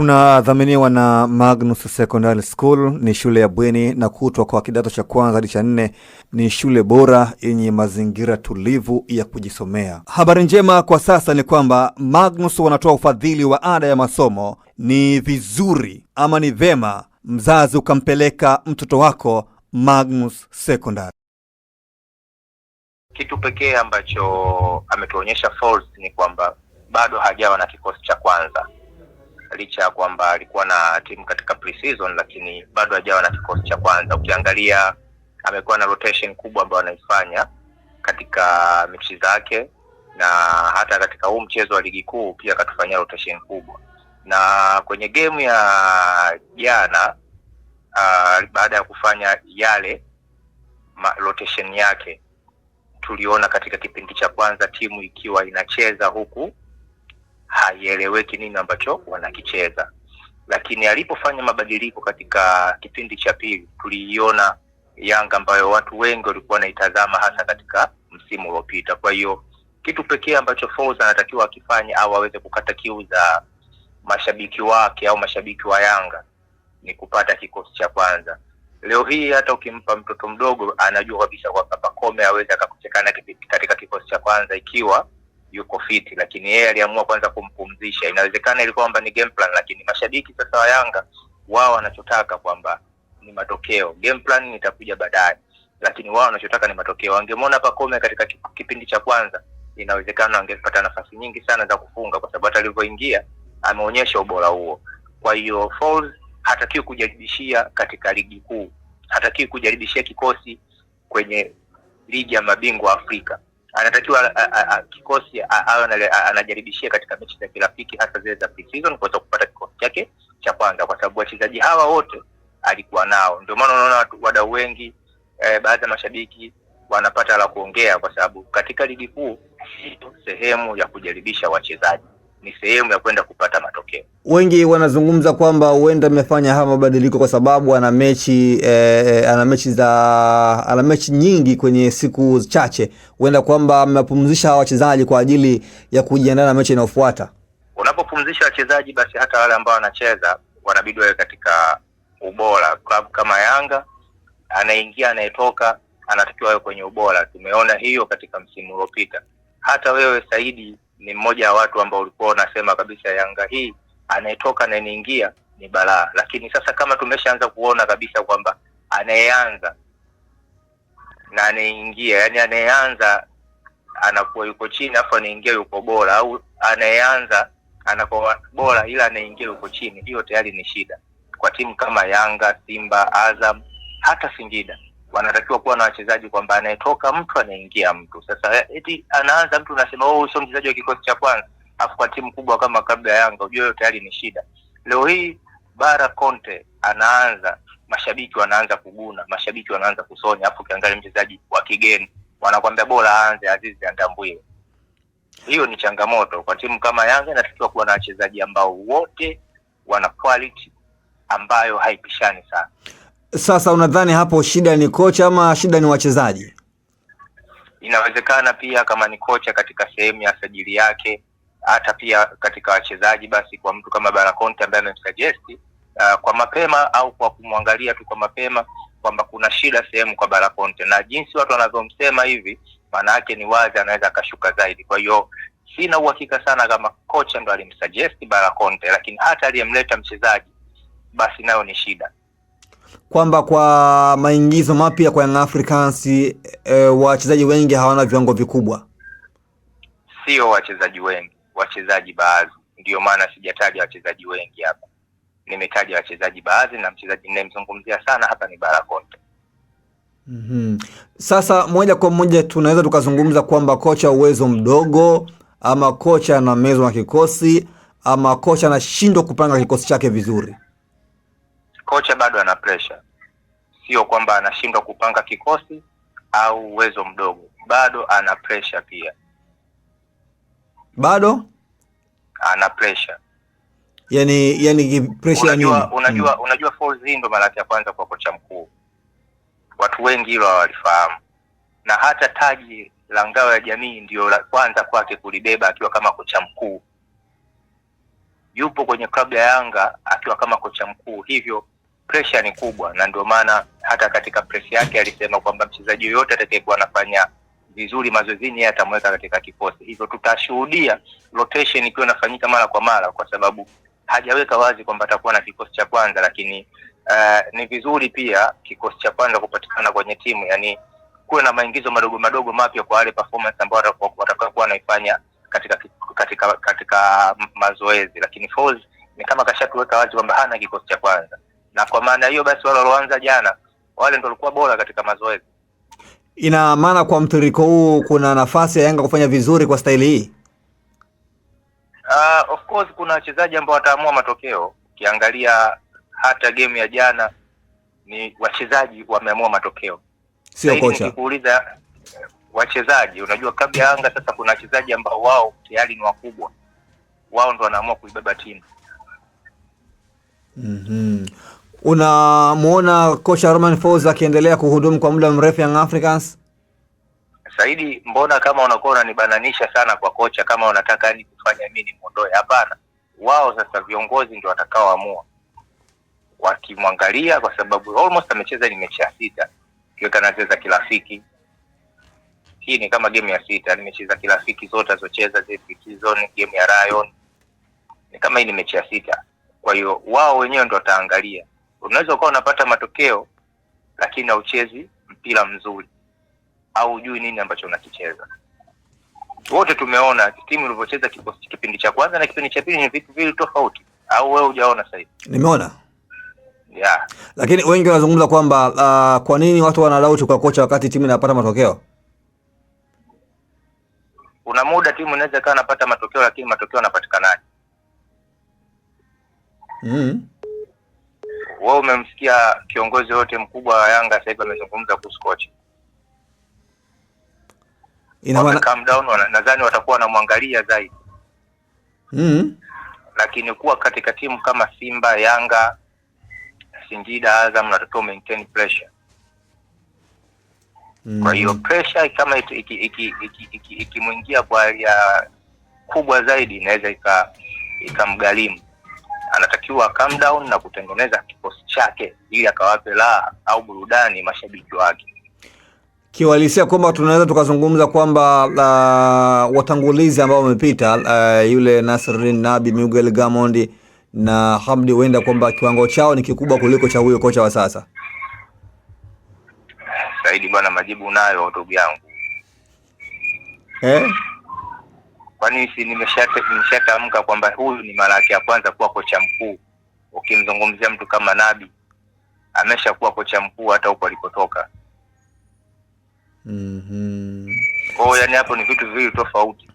Tunadhaminiwa na Magnus Secondary School. Ni shule ya bweni na kutwa kwa kidato cha kwanza hadi cha nne. Ni shule bora yenye mazingira tulivu ya kujisomea. Habari njema kwa sasa ni kwamba Magnus wanatoa ufadhili wa ada ya masomo. Ni vizuri ama ni vema mzazi ukampeleka mtoto wako Magnus Secondary. Kitu pekee ambacho ametuonyesha false ni kwamba bado hajawa na kikosi cha kwanza licha ya kwamba alikuwa na timu katika preseason, lakini bado hajawa na kikosi cha kwanza. Ukiangalia amekuwa na rotation kubwa ambayo anaifanya katika mechi zake na hata katika huu mchezo wa ligi kuu pia akatufanyia rotation kubwa, na kwenye gemu ya jana uh, baada ya kufanya yale ma, rotation yake tuliona katika kipindi cha kwanza timu ikiwa inacheza huku haieleweki nini ambacho wanakicheza, lakini alipofanya mabadiliko katika kipindi cha pili, tuliiona Yanga ambayo watu wengi walikuwa wanaitazama hasa katika msimu uliopita. Kwa hiyo kitu pekee ambacho Folz anatakiwa akifanye au aweze kukata kiu za mashabiki wake au mashabiki wa Yanga ni kupata kikosi cha kwanza. Leo hii hata ukimpa mtoto mdogo anajua kabisa kwamba pakome aweze akakuchekana katika kikosi cha kwanza ikiwa yuko fiti, lakini yeye aliamua kwanza kumpumzisha. Inawezekana ilikuwa kwamba ni game plan, lakini mashabiki sasa wa Yanga wao wanachotaka kwamba ni matokeo. Game plan itakuja baadaye, lakini wao wanachotaka ni matokeo. Angemwona pakome katika kipindi cha kwanza, inawezekana angepata nafasi nyingi sana za kufunga, kwa sababu hata alivyoingia ameonyesha ubora huo. Kwa hiyo Falls hatakiwi kujaribishia katika ligi kuu, hatakiwi kujaribishia kikosi kwenye ligi ya mabingwa Afrika anatakiwa kikosi awe anajaribishia katika mechi za kirafiki hasa zile za pre-season kuweza kupata kikosi chake cha kwanza, kwa sababu wachezaji hawa wote alikuwa nao. Ndio maana unaona wadau wengi eh, baadhi ya mashabiki wanapata la kuongea, kwa sababu katika ligi kuu sehemu ya kujaribisha wachezaji ni sehemu ya kwenda kupata matokeo. Wengi wanazungumza kwamba huenda amefanya haya mabadiliko kwa sababu ana mechi eh, eh ana mechi za ana mechi nyingi kwenye siku chache, huenda kwamba amewapumzisha wachezaji kwa ajili ya kujiandaa na mechi inayofuata. Unapopumzisha wachezaji, basi hata wale ambao wanacheza wanabidi wawe katika ubora. Klabu kama Yanga, anaingia anayetoka anatakiwa awe kwenye ubora. Tumeona hiyo katika msimu uliopita. Hata wewe Saidi ni mmoja wa watu ambao ulikuwa unasema kabisa Yanga hii anayetoka na ni balaa, lakini sasa kama tumeshaanza kuona kabisa kwamba anayeanza na anayeingia, yani anayeanza anakuwa yuko chini afu anaingia yuko bora, au anayeanza anakuwa bora ila anaingia yuko chini, hiyo tayari ni shida kwa timu kama Yanga, Simba, Azam hata Singida wanatakiwa kuwa na wachezaji kwamba anayetoka mtu anaingia mtu. Sasa eti anaanza mtu unasema oh, sio mchezaji wa kikosi cha kwanza, afu kwa timu kubwa kama kabla ya Yanga ujue hiyo tayari ni shida. Leo hii bara Conte anaanza, mashabiki wanaanza kuguna, mashabiki wanaanza kusonya, afu ukiangalia mchezaji wa kigeni wanakwambia bora aanze Azizi Andambwile. Hiyo ni changamoto kwa timu kama Yanga, inatakiwa kuwa na wachezaji ambao wote wana quality ambayo haipishani sana. Sasa unadhani hapo shida ni kocha ama shida ni wachezaji? Inawezekana pia kama ni kocha katika sehemu ya sajili yake, hata pia katika wachezaji. Basi kwa mtu kama Barakonte ambaye amemsuggest uh, kwa mapema au kwa kumwangalia tu kwa mapema kwamba kuna shida sehemu kwa Barakonte, na jinsi watu wanavyomsema hivi, maana yake ni wazi anaweza akashuka zaidi. Kwa hiyo sina uhakika sana kama kocha ndo alimsuggest Barakonte, lakini hata aliyemleta mchezaji, basi nayo ni shida kwamba kwa maingizo mapya kwa Young Africans e, wachezaji wengi hawana viwango vikubwa. Sio wachezaji wengi, wachezaji baadhi. Ndio maana sijataja wachezaji wengi hapa, nimetaja wachezaji baadhi, na mchezaji ninayemzungumzia sana hapa ni Bara Conte. mm -hmm. Sasa moja kwa moja tunaweza tukazungumza kwamba kocha uwezo mdogo, ama kocha mezo na kikosi, ama kocha anashindwa kupanga kikosi chake vizuri kocha bado ana presha sio kwamba anashindwa kupanga kikosi au uwezo mdogo, bado ana presha pia, bado ana presha Yani, yani unajua, nini? Unajua, hmm. Unajua ndo mara ya kwanza kwa kocha mkuu, watu wengi hilo hawalifahamu, na hata taji la ngao ya jamii ndio la kwanza kwake kulibeba akiwa kama kocha mkuu. Yupo kwenye klabu ya Yanga akiwa kama kocha mkuu, hivyo presha ni kubwa, na ndio maana hata katika presi yake alisema kwamba mchezaji yoyote atakayekuwa anafanya vizuri mazoezini yeye atamweka katika kikosi. Hivyo tutashuhudia rotation ikiwa inafanyika mara kwa mara, kwa sababu hajaweka wazi kwamba atakuwa na kikosi cha kwanza, lakini uh, ni vizuri pia kikosi cha kwanza kupatikana kwenye timu, yani kuwe na maingizo madogo madogo mapya kwa wale performance ambao watakaokuwa wanaifanya katika katika katika mazoezi, lakini Folz ni kama kashatuweka wazi kwamba hana kikosi cha kwanza na kwa maana hiyo basi wale walioanza jana wale ndio walikuwa bora katika mazoezi. Ina maana kwa mtiririko huu kuna nafasi ya Yanga kufanya vizuri kwa staili hii? Uh, of course kuna wachezaji ambao wataamua matokeo. Ukiangalia hata game ya jana ni wachezaji wameamua matokeo, sio kocha. Nikikuuliza eh, wachezaji, unajua kabla ya Yanga sasa kuna wachezaji ambao wao tayari ni wakubwa, wao ndo wanaamua kuibeba timu mm -hmm. Unamwona kocha Romain Folz akiendelea kuhudumu kwa muda mrefu Young Africans? Saidi, mbona kama unakuwa unanibananisha sana kwa kocha, kama unataka hadi kufanya mimi nimuondoe? Hapana, wao sasa viongozi ndio watakaoamua wakimwangalia, kwa sababu almost amecheza ni mechi ya sita, kiweka nacheza kirafiki. Hii ni kama game ya sita, nimecheza kirafiki zote azocheza game ya Rayon, ni kama hii ni mechi ya sita kwa hiyo wao wenyewe ndo wataangalia. Unaweza ukawa unapata matokeo lakini hauchezi mpira mzuri au ujui nini ambacho unakicheza. Wote tumeona timu ilivyocheza kipindi cha kwanza na kipindi cha pili, ni vitu vili tofauti, au wewe hujaona? Sasa hivi nimeona yeah. Lakini wengi wanazungumza kwamba uh, kwa nini watu wanalauti kwa kocha wakati timu inapata matokeo? Kuna muda timu inaweza ikawa inapata matokeo, lakini matokeo yanapatikanaje? mm. Wewe umemsikia kiongozi wote mkubwa wa Yanga sasa hivi amezungumza kuhusu kocha, ina maana calm down, nadhani watakuwa wanamwangalia zaidi mm. Lakini kuwa katika timu kama Simba, Yanga, Singida, Azam natakiwa maintain pressure mm-hmm. Kwa hiyo pressure kama ikimwingia kwa hali ya kubwa zaidi inaweza ikamgharimu anatakiwa calm down na kutengeneza kikosi chake ili akawape raha au burudani mashabiki wake. kiwalisia kwamba tunaweza tukazungumza kwamba uh, watangulizi ambao wamepita uh, yule nasrin Nabi, Miguel Gamondi na Hamdi, huenda kwamba kiwango chao ni kikubwa kuliko cha huyo kocha wa sasa. Saidi bwana, majibu unayo ndugu yangu eh? kwani si nimeshatamka kwamba huyu ni mara yake ya kwanza kuwa kocha mkuu. Ukimzungumzia mtu kama Nabi ameshakuwa kocha mkuu hata huko alipotoka. mm -hmm. yani hapo ni vitu viwili tofauti.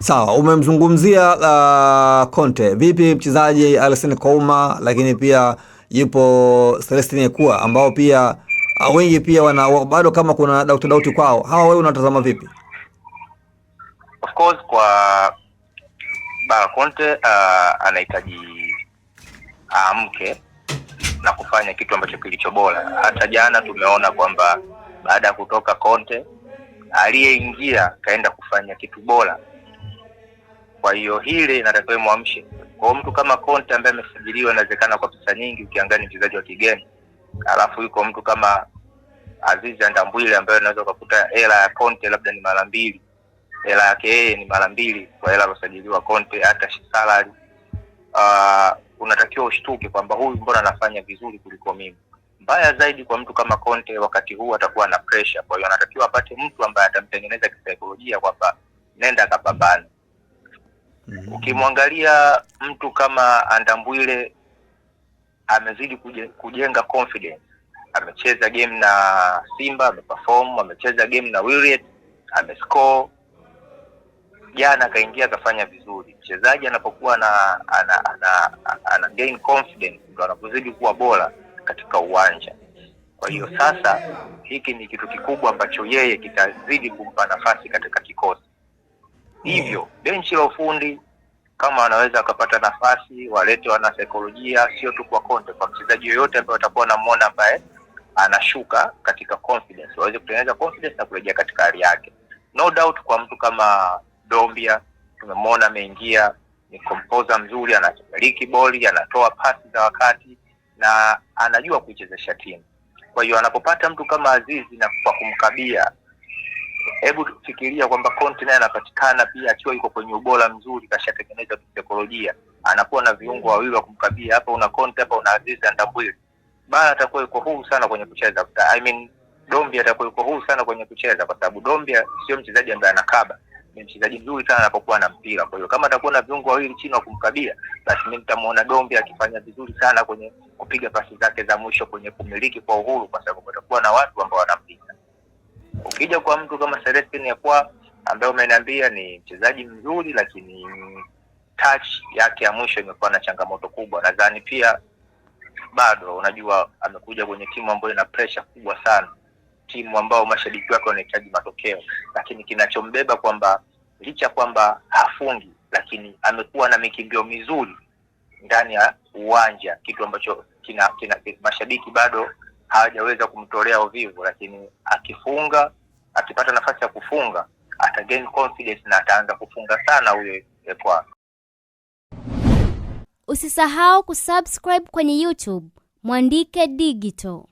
Sawa, umemzungumzia uh, Conte. Vipi mchezaji Alassane Kouma, lakini pia yupo Celestin Yekua ambao pia uh, wengi pia wana bado kama kuna dauti dauti kwao, hawa wewe unatazama vipi? course kwa Bara Conte uh, anahitaji aamke na kufanya kitu ambacho kilicho bora. Hata jana tumeona kwamba baada ya kutoka Conte aliyeingia kaenda kufanya kitu bora, kwa hiyo hili inatakiwa mwamshe. Kwa mtu kama Conte ambaye amesajiliwa inawezekana kwa pesa nyingi, ukiangalia mchezaji wa kigeni, alafu yuko mtu kama Azizi Ndambwile ambaye unaweza ukakuta hela ya Conte labda ni mara mbili hela yake yeye ni mara mbili kwa hela alosajiliwa Conte, hata salary. Uh, unatakiwa ushtuke kwamba huyu mbona anafanya vizuri kuliko mimi. Mbaya zaidi kwa mtu kama Conte, wakati huu atakuwa na pressure, kwa hiyo anatakiwa apate mtu ambaye atamtengeneza kisaikolojia kwamba nenda akapambana. mm -hmm. Ukimwangalia mtu kama Andambwile amezidi kujenga confidence, amecheza game na Simba ameperform, amecheza game na Wiliete amescore jana akaingia akafanya vizuri. Mchezaji anapokuwa ana, ana, ana, ana gain confidence ndo anapozidi kuwa bora katika uwanja. Kwa hiyo sasa, hiki ni kitu kikubwa ambacho yeye kitazidi kumpa nafasi katika kikosi. Hivyo mm. benchi la ufundi kama wanaweza wakapata nafasi, walete saikolojia, sio tu kwa Konte, kwa mchezaji yoyote ambaye watakuwa wanamwona ambaye anashuka katika confidence, waweze kutengeneza confidence na kurejea katika hali yake. No doubt kwa mtu kama Dombia tumemwona ameingia, ni composer mzuri, anamiliki boli, anatoa pasi za wakati na anajua kuichezesha timu. Kwa hiyo anapopata mtu kama Azizi na kwa kumkabia, hebu fikiria kwamba Conte naye anapatikana pia akiwa yuko kwenye ubora mzuri, kashatengeneza kisaikolojia, anakuwa na viungo wawili wa kumkabia, hapa una Conte, hapa una Azizi Andabwili, bara atakuwa yuko huru sana kwenye kucheza I mean, Dombia atakuwa yuko huru sana kwenye kucheza, kwa sababu Dombia sio mchezaji ambaye anakaba ni mchezaji mzuri sana anapokuwa na mpira. Kwa hiyo kama atakuwa na viungo wawili chini wa kumkabia, basi mimi nitamwona dombi akifanya vizuri sana kwenye kupiga pasi zake za mwisho, kwenye kumiliki kwa uhuru, kwa sababu atakuwa na watu ambao wanampita. Ukija kwa mtu kama Celestine Yakwa ambaye umeniambia ni mchezaji mzuri, lakini touch yake ya mwisho imekuwa na changamoto kubwa. Nadhani pia bado, unajua amekuja kwenye timu ambayo ina pressure kubwa sana timu ambao mashabiki wake wanahitaji matokeo, lakini kinachombeba kwamba licha kwamba hafungi, lakini amekuwa na mikimbio mizuri ndani ya uwanja, kitu ambacho kina, kina mashabiki bado hawajaweza kumtolea uvivu, lakini akifunga, akipata nafasi ya kufunga ata gain confidence na ataanza kufunga sana huyo Ekwa. Usisahau kusubscribe kwenye YouTube Mwandike Digital.